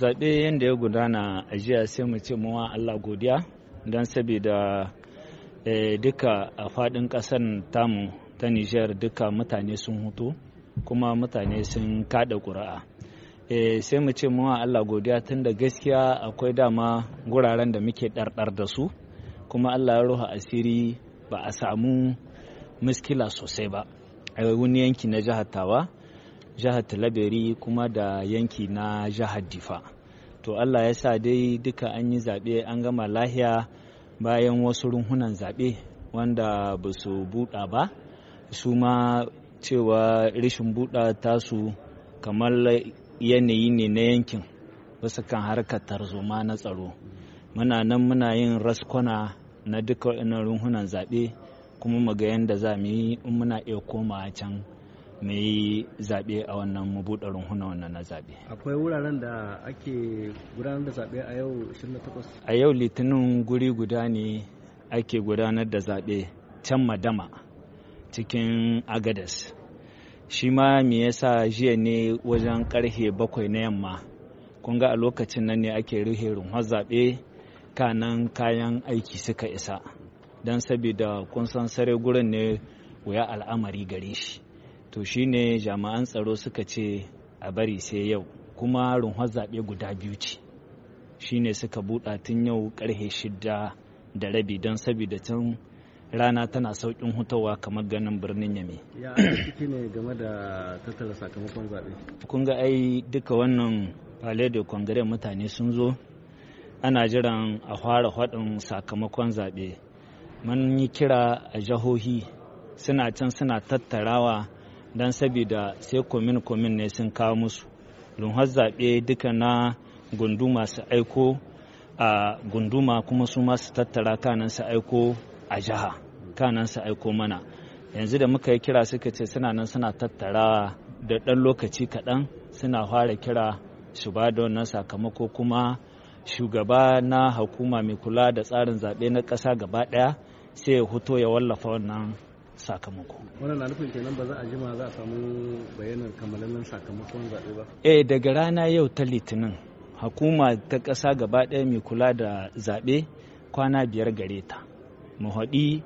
zaɓe yadda ya gudana a jiya sai mu ce muwa allah godiya don saboda eh, duka a faɗin ƙasar tamu ta nijar duka mutane sun hutu kuma mutane sun kaɗa ƙuri'a eh, sai mu ce muwa allah godiya tun da gaskiya akwai dama guraren da muke ɗarɗar da su kuma allah ya ruha asiri ba a samu miskila sosai ba a wani yanki na jihar tawa jihar talabiri kuma da yanki na jihar difa to allah ya sa dai duka an yi zaɓe an gama lahiya bayan wasu runhunan zaɓe wanda ba su buɗa ba su ma cewa rashin buɗa tasu kamar yanayi ne na yankin wasu kan harkar tarzoma na tsaro muna nan muna yin raskwana na duka runhunan zaɓe kuma magayen yadda za mu yi in muna iya koma can me yi zaɓe a wannan mabuɗar runhuna wannan na zaɓe. Akwai wuraren da ake gudanar da zaɓe a yau 28? A yau litinin guri guda ne ake gudanar da zaɓe can madama cikin agadas. Shi ma me yasa jiya ne wajen ƙarfe bakwai na yamma. Kun ga a lokacin nan ne ake rufe runhon zaɓe kanan kayan aiki suka isa. Don sabida kun san sare gurin ne wuya al'amari gare shi. to shine jami'an tsaro suka ce a bari sai yau kuma runhar zaɓe guda biyu ce shine suka buɗa tun yau ƙarfe shida da rabi don sabida can rana tana sauƙin hutawa kamar ganin birnin yame ya ciki ne game da tattara sakamakon zaɓe kun ga ai duka wannan palais de congrès mutane sun zo ana jiran a fara haɗin sakamakon zaɓe mun yi kira a jahohi suna can suna tattarawa don sabida sai komin komin ne sun kawo musu lunhar zaɓe duka na gunduma su aiko a gunduma kuma su masu tattara kanan su aiko a jiha kanan su aiko mana yanzu da muka yi kira suka ce suna nan suna tattara da ɗan lokaci kaɗan suna fara kira su ba da wannan sakamako kuma shugaba na hukuma mai kula da tsarin zaɓe na ƙasa gaba ɗaya sai ya huto ya wallafa wannan sakamako. Wannan na nufin kenan ba za a jima za a samu bayanan kamalallen sakamakon zaɓe ba? Eh daga rana yau ta litinin hukuma ta ƙasa gaba ɗaya mai kula da zaɓe kwana biyar gare ta. Mu haɗi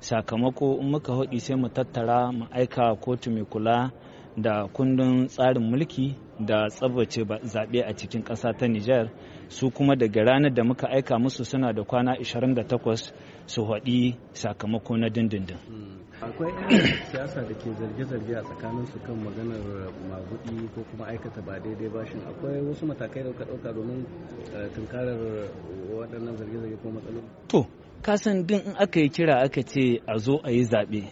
sakamako in muka haɗi sai mu tattara mu aika kotu mai kula da kundin tsarin mulki da tsabace zaɓe a cikin ƙasa ta Nijar su kuma daga ranar da muka aika musu suna da kwana 28 su haɗi sakamako na dindindin. Hmm. akwai siyasa da ke zarge-zarge a tsakanin su kan maganar magudi ko kuma aikata ba daidai bashin akwai wasu matakai da ɗauka domin eh, tunkarar waɗannan zarge-zarge ko matsaloli to kasan din in aka yi kira aka ce a zo a yi zaɓe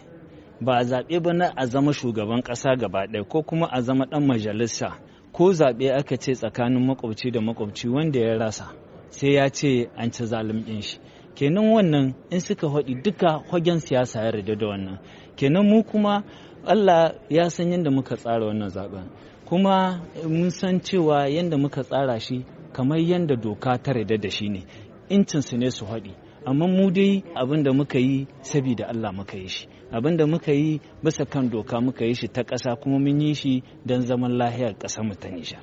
ba zaɓe ba na a zama shugaban ƙasa gaba ɗaya ko kuma a zama ɗan majalisa ko zaɓe aka ce tsakanin makwabci da makwabci wanda ya rasa sai ya ce an ci zalim ɗin shi kenan wannan in suka haɗi duka hagen siyasa ya rida da wannan kenan mu kuma allah ya san yadda muka tsara wannan zaɓen. kuma mun san cewa yadda muka tsara shi kamar yadda doka ta rida da shi ne incinsu ne su haɗi amma mu dai abin da muka yi sabida Allah muka yi shi abin da muka yi bisa kan doka muka yi shi ta ƙasa kuma mun yi shi don zaman lahiyar ƙasar mu ta Nijar